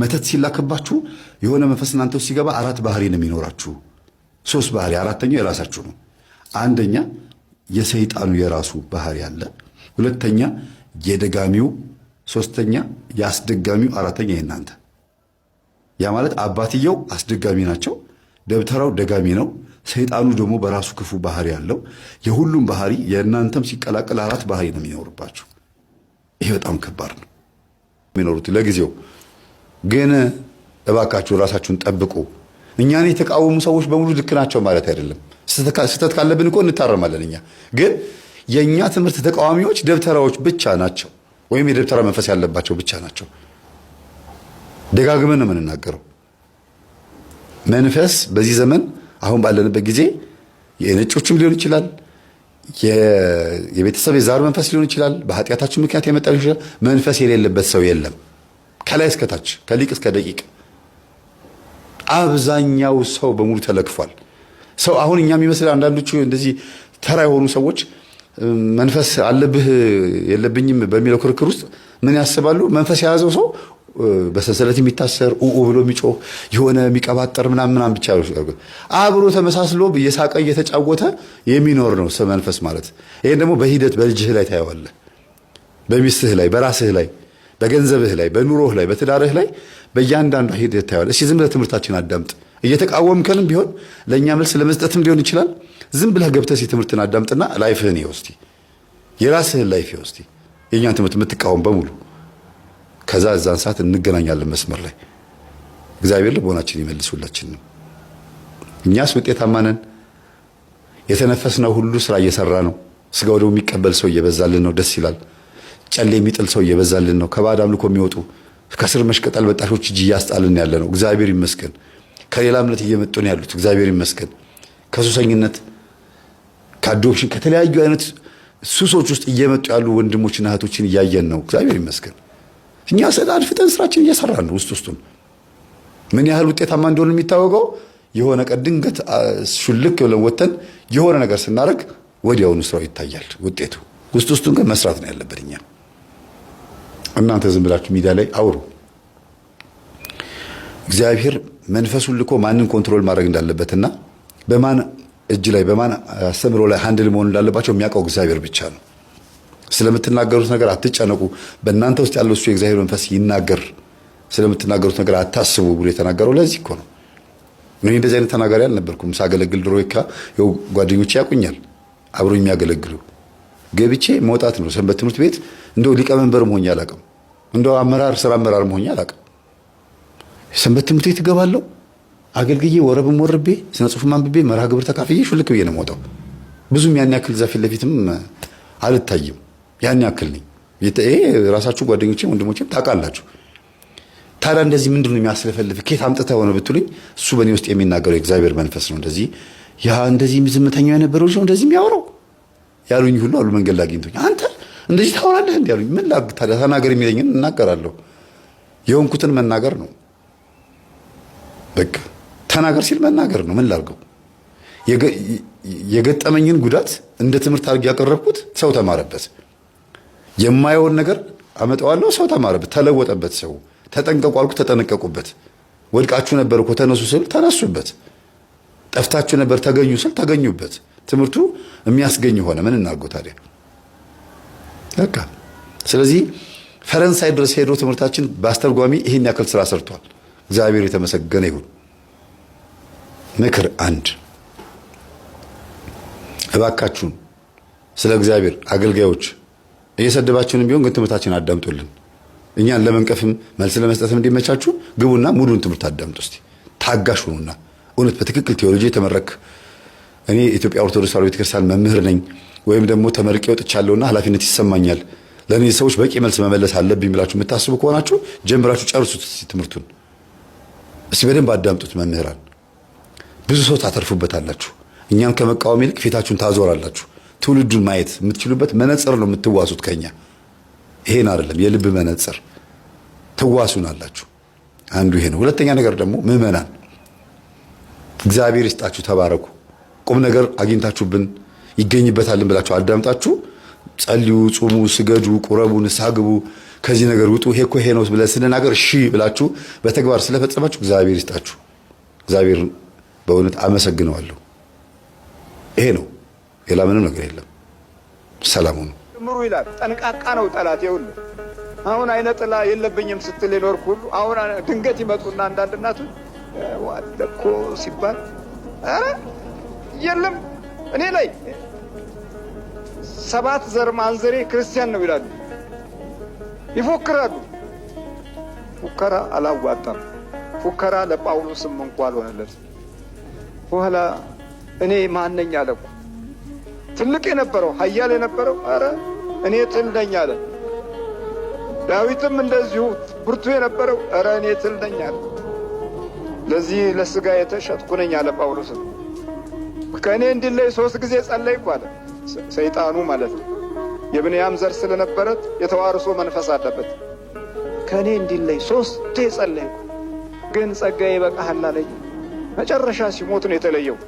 መተት ሲላክባችሁ የሆነ መንፈስ እናንተ ውስጥ ሲገባ አራት ባህሪ ነው የሚኖራችሁ። ሶስት ባህሪ፣ አራተኛው የራሳችሁ ነው። አንደኛ የሰይጣኑ የራሱ ባህሪ አለ። ሁለተኛ የደጋሚው፣ ሶስተኛ የአስደጋሚው፣ አራተኛ የእናንተ። ያ ማለት አባትየው አስደጋሚ ናቸው፣ ደብተራው ደጋሚ ነው። ሰይጣኑ ደግሞ በራሱ ክፉ ባህሪ አለው። የሁሉም ባህሪ የእናንተም ሲቀላቀል አራት ባህሪ ነው የሚኖርባችሁ። ይሄ በጣም ከባድ ነው የሚኖሩት ለጊዜው ግን እባካችሁ ራሳችሁን ጠብቁ። እኛን የተቃወሙ ሰዎች በሙሉ ልክ ናቸው ማለት አይደለም። ስህተት ካለብን እኮ እንታረማለን። እኛ ግን የእኛ ትምህርት ተቃዋሚዎች ደብተራዎች ብቻ ናቸው፣ ወይም የደብተራ መንፈስ ያለባቸው ብቻ ናቸው። ደጋግመን ነው የምንናገረው። መንፈስ በዚህ ዘመን አሁን ባለንበት ጊዜ የነጮችም ሊሆን ይችላል የቤተሰብ የዛር መንፈስ ሊሆን ይችላል፣ በኃጢአታችን ምክንያት የመጣ ሊሆን ይችላል። መንፈስ የሌለበት ሰው የለም። ከላይ እስከታች ከሊቅ እስከ ደቂቅ አብዛኛው ሰው በሙሉ ተለክፏል። ሰው አሁን እኛ የሚመስል አንዳንዶቹ እንደዚህ ተራ የሆኑ ሰዎች መንፈስ አለብህ የለብኝም በሚለው ክርክር ውስጥ ምን ያስባሉ? መንፈስ የያዘው ሰው በሰንሰለት የሚታሰር ኡኡ ብሎ የሚጮህ የሆነ የሚቀባጠር ምናምን ምናምን ብቻ አብሮ ተመሳስሎ እየሳቀ እየተጫወተ የሚኖር ነው መንፈስ ማለት። ይህን ደግሞ በሂደት በልጅህ ላይ ታየዋለህ፣ በሚስትህ ላይ፣ በራስህ ላይ በገንዘብህ ላይ በኑሮህ ላይ በትዳርህ ላይ በእያንዳንዱ ሂደት ታየዋለህ። እስኪ ዝም ብለህ ትምህርታችን አዳምጥ። እየተቃወምከንም ቢሆን ለእኛ መልስ ለመስጠትም ሊሆን ይችላል። ዝም ብለህ ገብተህ ትምህርትን አዳምጥና ላይፍህን ይኸው እስኪ የራስህን ላይፍ ይኸው እስኪ የእኛን ትምህርት የምትቃወም በሙሉ ከዛ እዛን ሰዓት እንገናኛለን መስመር ላይ እግዚአብሔር ልቦናችን ይመልስ ሁላችንም። እኛስ ውጤታማ ነን። የተነፈስነው ሁሉ ስራ እየሰራ ነው። ስጋው ደግሞ የሚቀበል ሰው እየበዛልን ነው። ደስ ይላል። ጨሌ የሚጥል ሰው እየበዛልን ነው። ከባዕድ አምልኮ የሚወጡ ከስር መሽቀጣል በጣሾች እጅ እያስጣልን ያለ ነው። እግዚአብሔር ይመስገን። ከሌላ እምነት እየመጡ ያሉት። እግዚአብሔር ይመስገን። ከሱሰኝነት ከአዶፕሽን ከተለያዩ አይነት ሱሶች ውስጥ እየመጡ ያሉ ወንድሞችን እህቶችን እያየን ነው። እግዚአብሔር ይመስገን። እኛ ስለ ፍጠን ስራችን እየሰራን ነው። ውስጥ ውስጡን ምን ያህል ውጤታማ እንደሆነ የሚታወቀው የሆነ ቀን ድንገት ሹልክ ብለን ወተን የሆነ ነገር ስናደርግ ወዲያውኑ ስራው ይታያል ውጤቱ። ውስጥ ውስጡን ግን መስራት ነው ያለበት እኛ እናንተ ዝም ብላችሁ ሚዲያ ላይ አውሩ። እግዚአብሔር መንፈሱን ልኮ ማንን ኮንትሮል ማድረግ እንዳለበትና በማን እጅ ላይ በማን አስተምሮ ላይ ሀንድል መሆን እንዳለባቸው የሚያውቀው እግዚአብሔር ብቻ ነው። ስለምትናገሩት ነገር አትጨነቁ፣ በእናንተ ውስጥ ያለው እሱ የእግዚአብሔር መንፈስ ይናገር፣ ስለምትናገሩት ነገር አታስቡ ብሎ የተናገረው ለዚህ እኮ ነው። እኔ እንደዚህ አይነት ተናጋሪ አልነበርኩም። ሳገለግል ድሮ ካ ጓደኞቼ ያውቁኛል፣ አብሮ የሚያገለግሉ ገብቼ መውጣት ነው ሰንበት ትምህርት ቤት እንደው ሊቀመንበር መሆኛ አላቅም። እንደው አመራር ስራ አመራር መሆኛ አላቅም። ሰንበት ትምህርት ቤት እገባለሁ አገልግዬ ወረብም ወርቤ ስነ ጽሁፍም አንብቤ መርሃ ግብር ተካፍዬ ሹልክ ብዬ ነው የምወጣው። ብዙም ያን ያክል እዛ ፊት ለፊትም አልታይም። ያን ያክል ነኝ። ይሄ ራሳችሁ ጓደኞቼ ወንድሞቼም ታውቃላችሁ። ታዲያ እንደዚህ ምንድን ነው የሚያስለፈልፍ ኬት አምጥተ ሆነ ብትሉኝ፣ እሱ በእኔ ውስጥ የሚናገረው የእግዚአብሔር መንፈስ ነው። እንደዚህ ያ እንደዚህ ዝምተኛው የነበረው ልጅ ነው እንደዚህ የሚያወራው ያሉኝ ሁሉ አሉ መንገድ ላይ አግኝቶኝ አንተ እንደዚህ ታወራለህ እንዲ ያሉኝ፣ ምን ላድርግ ታዲያ? ተናገር የሚለኝን እናገራለሁ። የሆንኩትን መናገር ነው በቃ። ተናገር ሲል መናገር ነው። ምን ላድርገው? የገጠመኝን ጉዳት እንደ ትምህርት አድርጌ ያቀረብኩት ሰው ተማረበት። የማየውን ነገር አመጣዋለሁ። ሰው ተማረበት፣ ተለወጠበት። ሰው ተጠንቀቁ አልኩ፣ ተጠነቀቁበት። ወድቃችሁ ነበር እኮ ተነሱ ስል ተነሱበት። ጠፍታችሁ ነበር ተገኙ ስል ተገኙበት። ትምህርቱ የሚያስገኝ ሆነ። ምን እናድርገው ታዲያ? በቃ ስለዚህ ፈረንሳይ ድረስ ሄዶ ትምህርታችን በአስተርጓሚ ይህን ያክል ስራ ሰርቷል። እግዚአብሔር የተመሰገነ ይሁን። ምክር አንድ፣ እባካችሁን ስለ እግዚአብሔር አገልጋዮች እየሰደባችሁንም ቢሆን ግን ትምህርታችን አዳምጡልን። እኛን ለመንቀፍም መልስ ለመስጠትም እንዲመቻችሁ ግቡና ሙሉን ትምህርት አዳምጡ። እስቲ ታጋሽ ሁኑና እውነት በትክክል ቴዎሎጂ የተመረክ እኔ የኢትዮጵያ ኦርቶዶክስ ተዋሕዶ ቤተክርስቲያን መምህር ነኝ ወይም ደግሞ ተመርቄ ወጥቻለሁና ኃላፊነት ይሰማኛል ለእነዚህ ሰዎች በቂ መልስ መመለስ አለብኝ ብላችሁ የምታስቡ ከሆናችሁ ጀምራችሁ ጨርሱት። ትምህርቱን እስቲ በደንብ አዳምጡት። መምህራን ብዙ ሰው ታተርፉበታላችሁ። እኛም ከመቃወም ይልቅ ፊታችሁን ታዞራላችሁ። ትውልዱን ማየት የምትችሉበት መነጽር ነው የምትዋሱት ከኛ። ይሄን አይደለም የልብ መነጽር ትዋሱን አላችሁ። አንዱ ይሄ ነው። ሁለተኛ ነገር ደግሞ ምዕመናን እግዚአብሔር ይስጣችሁ፣ ተባረኩ። ቁም ነገር አግኝታችሁብን ይገኝበታልን ብላችሁ አዳምጣችሁ ጸልዩ፣ ጹሙ፣ ስገዱ፣ ቁረቡ፣ ንስሐ ግቡ፣ ከዚህ ነገር ውጡ። ሄኮ ሄ ነው ብለን ስንናገር እሺ ብላችሁ በተግባር ስለፈጸማችሁ እግዚአብሔር ይስጣችሁ። እግዚአብሔር በእውነት አመሰግነዋለሁ። ይሄ ነው፣ ሌላ ምንም ነገር የለም። ሰላሙ ነው ምሩ ይላል። ጠንቃቃ ነው ጠላት። ይኸውልህ አሁን አይነ ጥላ የለብኝም ስትል የኖርኩ ሁሉ አሁን ድንገት ይመጡና አንዳንድ እናቱ እኮ ሲባል የለም እኔ ላይ ሰባት ዘር ማንዘሬ ክርስቲያን ነው ይላሉ፣ ይፎክራሉ። ፉከራ አላዋጣም። ፉከራ ለጳውሎስም እንኳ አልሆነለት። በኋላ እኔ ማነኝ አለኩ። ትልቅ የነበረው ኃያል የነበረው አረ እኔ ትል ነኝ አለ። ዳዊትም እንደዚሁ ብርቱ የነበረው አረ እኔ ትል ነኝ አለ። ለዚህ ለስጋ የተሸጥኩ ነኝ አለ ጳውሎስም ከእኔ እንዲለይ ሶስት ጊዜ ጸለይኩ አለ። ሰይጣኑ ማለት ነው። የብንያም ዘር ስለነበረት የተዋርሶ መንፈስ አለበት። ከእኔ እንዲለይ ሶስቴ ጸለይኩ፣ ግን ጸጋዬ ይበቃሃል አለኝ። መጨረሻ ሲሞት ነው የተለየው።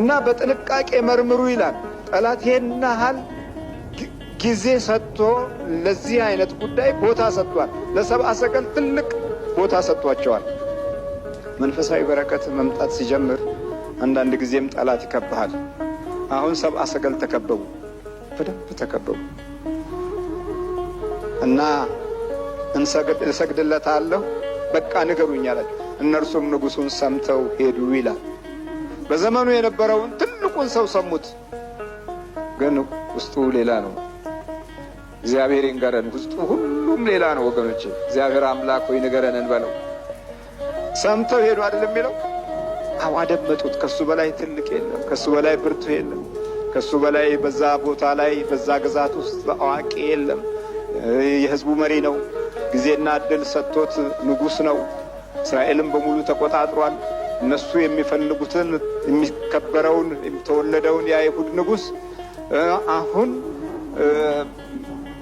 እና በጥንቃቄ መርምሩ ይላል። ጠላት ይሄን ያህል ጊዜ ሰጥቶ ለዚህ አይነት ጉዳይ ቦታ ሰጥቷል። ለሰብአ ሰገል ትልቅ ቦታ ሰጥቷቸዋል። መንፈሳዊ በረከት መምጣት ሲጀምር አንዳንድ ጊዜም ጠላት ይከብሃል። አሁን ሰብአ ሰገል ተከበቡ፣ በደንብ ተከበቡ እና እንሰግድለታለሁ በቃ ንገሩኝ አለ። እነርሱም ንጉሱን ሰምተው ሄዱ ይላል። በዘመኑ የነበረውን ትልቁን ሰው ሰሙት፣ ግን ውስጡ ሌላ ነው። እግዚአብሔር ይንገረን። ውስጡ ሁሉም ሌላ ነው ወገኖች። እግዚአብሔር አምላክ ሆይ ንገረን እንበለው። ሰምተው ሄዱ አይደል የሚለው በጣም አደመጡት። ከሱ በላይ ትልቅ የለም፣ ከሱ በላይ ብርቱ የለም፣ ከሱ በላይ በዛ ቦታ ላይ በዛ ግዛት ውስጥ አዋቂ የለም። የህዝቡ መሪ ነው። ጊዜና እድል ሰጥቶት ንጉሥ ነው። እስራኤልን በሙሉ ተቆጣጥሯል። እነሱ የሚፈልጉትን የሚከበረውን የተወለደውን የአይሁድ ንጉሥ አሁን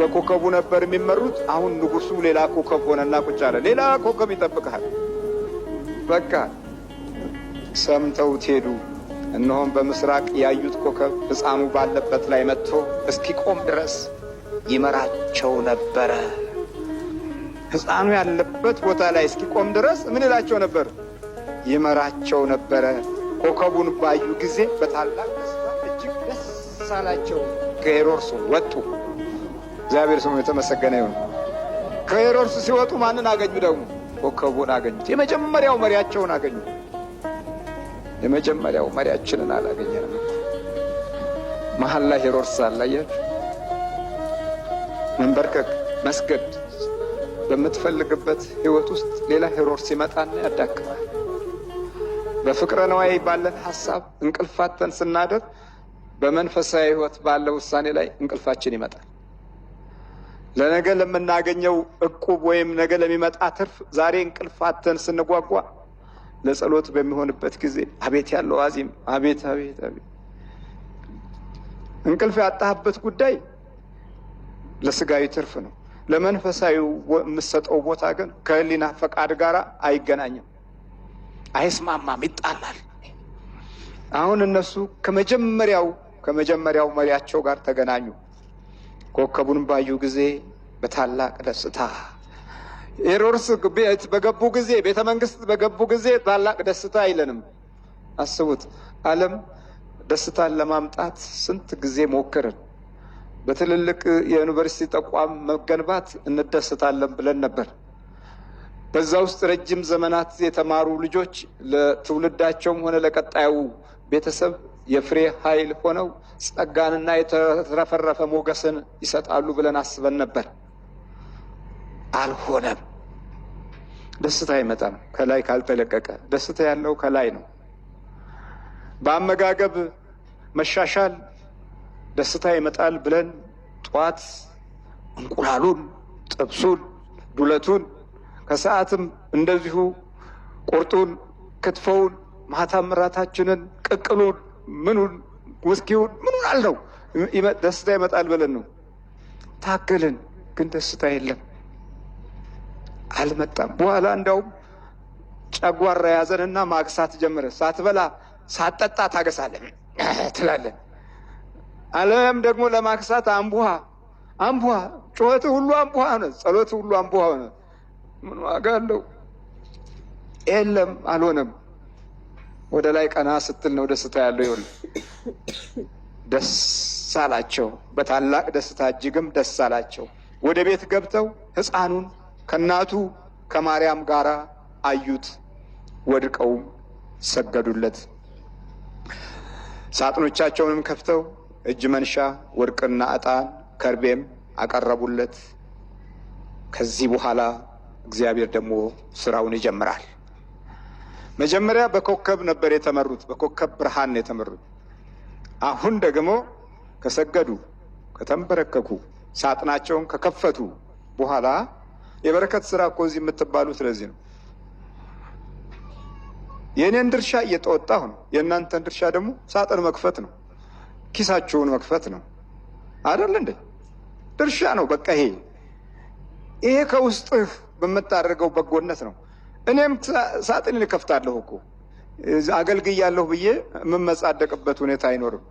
በኮከቡ ነበር የሚመሩት። አሁን ንጉሱ ሌላ ኮከብ ሆነና ቁጭ አለ። ሌላ ኮከብ ይጠብቀሃል። በቃ ሰምተውት ሄዱ። እነሆም በምስራቅ ያዩት ኮከብ ሕፃኑ ባለበት ላይ መጥቶ እስኪቆም ድረስ ይመራቸው ነበረ። ሕፃኑ ያለበት ቦታ ላይ እስኪቆም ድረስ ምን ይላቸው ነበር? ይመራቸው ነበረ። ኮከቡን ባዩ ጊዜ በታላቅ ደስታ እጅግ ደስ አላቸው። ከሄሮድስ ወጡ። እግዚአብሔር ስሙ የተመሰገነ ይሁን። ከሄሮድስ ሲወጡ ማንን አገኙ? ደግሞ ኮከቡን አገኙት። የመጀመሪያው መሪያቸውን አገኙ። የመጀመሪያው መሪያችንን አላገኘንም። መሀል ላይ ሄሮድስ አላያችሁ መንበርከክ መስገድ በምትፈልግበት ህይወት ውስጥ ሌላ ሄሮድስ ይመጣና ያዳክማል። በፍቅረ ነዋይ ባለን ሀሳብ እንቅልፋተን ስናደር በመንፈሳዊ ህይወት ባለ ውሳኔ ላይ እንቅልፋችን ይመጣል። ለነገ ለምናገኘው እቁብ ወይም ነገ ለሚመጣ ትርፍ ዛሬ እንቅልፋተን ስንጓጓ ለጸሎት በሚሆንበት ጊዜ አቤት ያለው አዚም አቤት አቤት አቤት። እንቅልፍ ያጣህበት ጉዳይ ለስጋዊ ትርፍ ነው። ለመንፈሳዊ የምሰጠው ቦታ ግን ከህሊና ፈቃድ ጋር አይገናኝም፣ አይስማማም፣ ይጣላል። አሁን እነሱ ከመጀመሪያው ከመጀመሪያው መሪያቸው ጋር ተገናኙ። ኮከቡን ባዩ ጊዜ በታላቅ ደስታ ኤሮርስ ቤት በገቡ ጊዜ ቤተ መንግስት በገቡ ጊዜ ታላቅ ደስታ አይለንም። አስቡት፣ ዓለም ደስታን ለማምጣት ስንት ጊዜ ሞክርን። በትልልቅ የዩኒቨርሲቲ ተቋም መገንባት እንደስታለን ብለን ነበር። በዛ ውስጥ ረጅም ዘመናት የተማሩ ልጆች ለትውልዳቸውም ሆነ ለቀጣዩ ቤተሰብ የፍሬ ኃይል ሆነው ጸጋንና የተረፈረፈ ሞገስን ይሰጣሉ ብለን አስበን ነበር። አልሆነም። ደስታ አይመጣም ከላይ ካልተለቀቀ። ደስታ ያለው ከላይ ነው። በአመጋገብ መሻሻል ደስታ ይመጣል ብለን ጠዋት እንቁላሉን፣ ጥብሱን፣ ዱለቱን ከሰዓትም እንደዚሁ ቁርጡን፣ ክትፎውን፣ ማታም እራታችንን፣ ቅቅሉን፣ ምኑን፣ ውስኪውን ምኑን አልነው ደስታ ይመጣል ብለን ነው ታገልን፣ ግን ደስታ የለም። አልመጣም። በኋላ እንዳውም ጨጓራ ያዘንና ማግሳት ጀምረ። ሳትበላ ሳትጠጣ ታገሳለን ትላለን። አለም ደግሞ ለማግሳት አንቡሃ አንቡሃ፣ ጩኸት ሁሉ አንቡሃ ሆነ፣ ጸሎት ሁሉ አንቡሃ ሆነ። ምን ዋጋ አለው? የለም አልሆነም። ወደ ላይ ቀና ስትል ነው ደስታ ያለው። ይሆን ደስ አላቸው፣ በታላቅ ደስታ እጅግም ደስ አላቸው። ወደ ቤት ገብተው ህፃኑን ከእናቱ ከማርያም ጋር አዩት፣ ወድቀውም ሰገዱለት። ሳጥኖቻቸውንም ከፍተው እጅ መንሻ ወርቅና ዕጣን ከርቤም አቀረቡለት። ከዚህ በኋላ እግዚአብሔር ደግሞ ስራውን ይጀምራል። መጀመሪያ በኮከብ ነበር የተመሩት፣ በኮከብ ብርሃን የተመሩት። አሁን ደግሞ ከሰገዱ ከተንበረከኩ፣ ሳጥናቸውን ከከፈቱ በኋላ የበረከት ስራ እኮ እዚህ የምትባሉት ስለዚህ ነው። የእኔን ድርሻ እየተወጣሁ ነው። የእናንተን ድርሻ ደግሞ ሳጥን መክፈት ነው፣ ኪሳችሁን መክፈት ነው። አይደል እንዴ? ድርሻ ነው በቃ። ይሄ ይሄ ከውስጥህ በምታደርገው በጎነት ነው። እኔም ሳጥን ልከፍታለሁ እኮ አገልግያለሁ ብዬ የምመጻደቅበት ሁኔታ አይኖርም።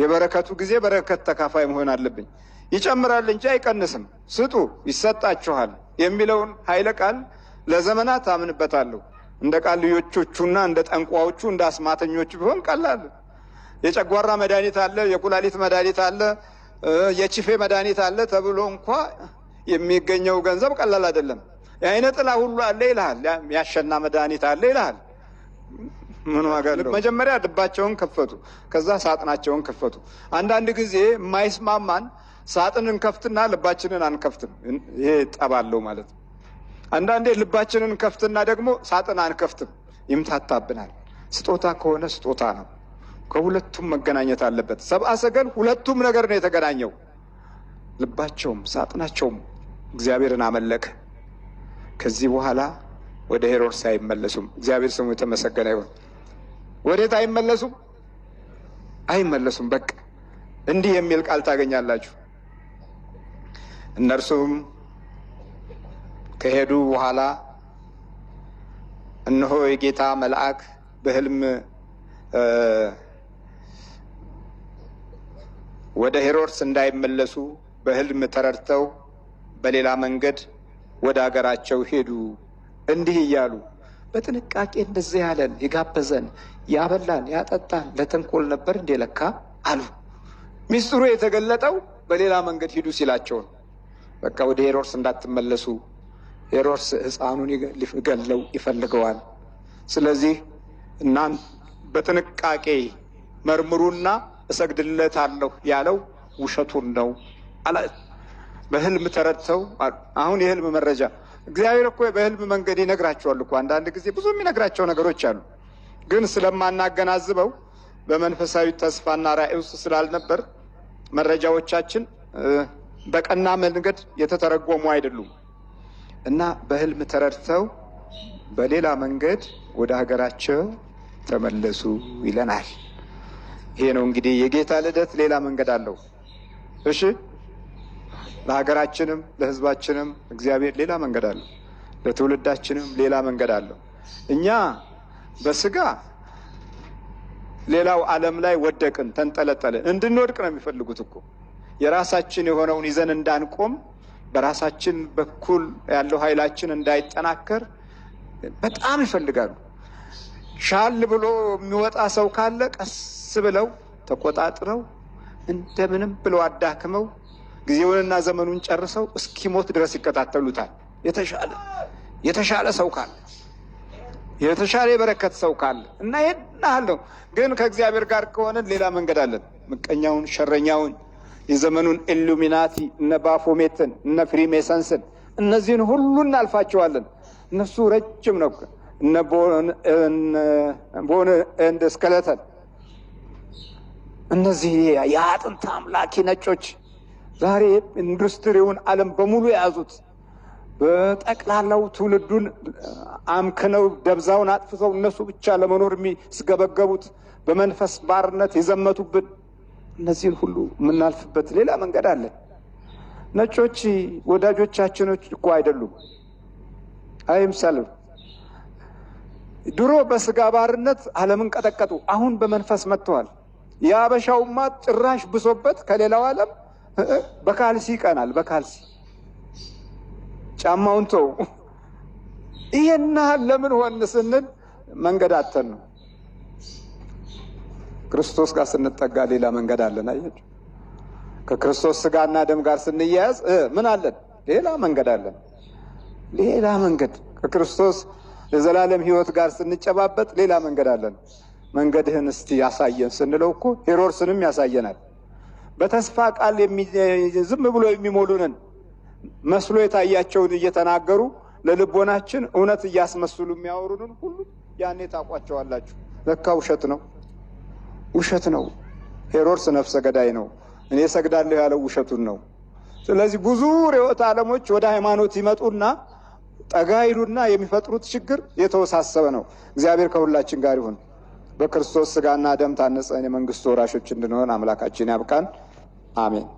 የበረከቱ ጊዜ በረከት ተካፋይ መሆን አለብኝ። ይጨምራል እንጂ አይቀንስም። ስጡ ይሰጣችኋል የሚለውን ኃይለ ቃል ለዘመናት አምንበታለሁ። እንደ ቃልዮቹና እንደ ጠንቋዎቹ እንደ አስማተኞቹ ቢሆን ቀላል የጨጓራ መድኃኒት አለ፣ የኩላሊት መድኃኒት አለ፣ የቺፌ መድኃኒት አለ ተብሎ እንኳ የሚገኘው ገንዘብ ቀላል አይደለም። የአይነ ጥላ ሁሉ አለ ይልሃል፣ ያሸና መድኃኒት አለ ይልሃል። ምን ዋጋ አለው? መጀመሪያ ልባቸውን ከፈቱ፣ ከዛ ሳጥናቸውን ከፈቱ። አንዳንድ ጊዜ የማይስማማን ሳጥን እንከፍትና ልባችንን አንከፍትም። ይሄ ጠባለው ማለት ነው። አንዳንዴ ልባችንን ከፍትና ደግሞ ሳጥን አንከፍትም፣ ይምታታብናል። ስጦታ ከሆነ ስጦታ ነው። ከሁለቱም መገናኘት አለበት። ሰብአ ሰገል ሁለቱም ነገር ነው የተገናኘው። ልባቸውም ሳጥናቸውም እግዚአብሔርን አመለከ። ከዚህ በኋላ ወደ ሄሮድስ አይመለሱም። እግዚአብሔር ስሙ የተመሰገነ ይሁን። ወዴት አይመለሱም? አይመለሱም። በቃ እንዲህ የሚል ቃል ታገኛላችሁ። እነርሱም ከሄዱ በኋላ እነሆ የጌታ መልአክ በህልም ወደ ሄሮድስ እንዳይመለሱ በህልም ተረድተው በሌላ መንገድ ወደ አገራቸው ሄዱ። እንዲህ እያሉ በጥንቃቄ እንደዚህ ያለን የጋበዘን ያበላን ያጠጣን ለተንኮል ነበር እንዴ ለካ አሉ። ሚስጥሩ የተገለጠው በሌላ መንገድ ሂዱ ሲላቸው ነው። በቃ ወደ ሄሮድስ እንዳትመለሱ፣ ሄሮድስ ህፃኑን ሊገለው ይፈልገዋል። ስለዚህ እናን በጥንቃቄ መርምሩና እሰግድለታለሁ ያለው ውሸቱን ነው በህልም ተረድተው አሁን የህልም መረጃ እግዚአብሔር እኮ በህልም መንገድ ይነግራቸዋል እኮ አንዳንድ ጊዜ ብዙ የሚነግራቸው ነገሮች አሉ። ግን ስለማናገናዝበው በመንፈሳዊ ተስፋና ራእይ ውስጥ ስላልነበር መረጃዎቻችን በቀና መንገድ የተተረጎሙ አይደሉም እና በህልም ተረድተው በሌላ መንገድ ወደ ሀገራቸው ተመለሱ ይለናል። ይሄ ነው እንግዲህ የጌታ ልደት ሌላ መንገድ አለው። እሺ ለሀገራችንም ለህዝባችንም እግዚአብሔር ሌላ መንገድ አለው። ለትውልዳችንም ሌላ መንገድ አለው። እኛ በስጋ ሌላው ዓለም ላይ ወደቅን፣ ተንጠለጠልን። እንድንወድቅ ነው የሚፈልጉት እኮ የራሳችን የሆነውን ይዘን እንዳንቆም በራሳችን በኩል ያለው ኃይላችን እንዳይጠናከር በጣም ይፈልጋሉ። ሻል ብሎ የሚወጣ ሰው ካለ ቀስ ብለው ተቆጣጥረው እንደምንም ብለው አዳክመው ጊዜውንና ዘመኑን ጨርሰው እስኪሞት ድረስ ይከታተሉታል። የተሻለ የተሻለ ሰው ካለ የተሻለ የበረከት ሰው ካለ እና ይህን ግን ከእግዚአብሔር ጋር ከሆነን ሌላ መንገድ አለን። ምቀኛውን፣ ሸረኛውን የዘመኑን ኢሉሚናቲ እነ ባፎሜትን እነ ፍሪሜሰንስን እነዚህን ሁሉ እናልፋቸዋለን። እነሱ ረጅም ነው። እነ ቦን እንደ ስከለተን እነዚህ የአጥንት አምላኪ ነጮች ዛሬ ኢንዱስትሪውን ዓለም በሙሉ የያዙት በጠቅላላው ትውልዱን አምክነው ደብዛውን አጥፍተው እነሱ ብቻ ለመኖር የሚስገበገቡት በመንፈስ ባርነት የዘመቱብን እነዚህን ሁሉ የምናልፍበት ሌላ መንገድ አለ። ነጮች ወዳጆቻችን እኮ አይደሉም፣ አይምሰሉ። ድሮ በስጋ ባርነት ዓለምን ቀጠቀጡ፣ አሁን በመንፈስ መጥተዋል። የአበሻውማ ጭራሽ ብሶበት ከሌላው ዓለም በካልሲ ይቀናል። በካልሲ ጫማውን ተው። ይሄን ለምን ሆን ስንል መንገድ አተን ነው። ክርስቶስ ጋር ስንጠጋ ሌላ መንገድ አለን። አያችሁ፣ ከክርስቶስ ስጋና ደም ጋር ስንያያዝ ምን አለን? ሌላ መንገድ አለን። ሌላ መንገድ ከክርስቶስ የዘላለም ሕይወት ጋር ስንጨባበጥ ሌላ መንገድ አለን። መንገድህን እስቲ ያሳየን ስንለው እኮ ሄሮድስንም ያሳየናል። በተስፋ ቃል ዝም ብሎ የሚሞሉንን መስሎ የታያቸውን እየተናገሩ ለልቦናችን እውነት እያስመስሉ የሚያወሩንን ሁሉ ያኔ ታውቋቸዋላችሁ። ለካ ውሸት ነው። ውሸት ነው። ሄሮድስ ነፍሰ ገዳይ ነው። እኔ ሰግዳለሁ ያለው ውሸቱን ነው። ስለዚህ ብዙ ርዕዮተ ዓለሞች ወደ ሃይማኖት ይመጡና ጠጋ ይሉና የሚፈጥሩት ችግር የተወሳሰበ ነው። እግዚአብሔር ከሁላችን ጋር ይሁን። በክርስቶስ ስጋና ደም ታነጸን የመንግስቱ ወራሾች እንድንሆን አምላካችን ያብቃን። አሜን።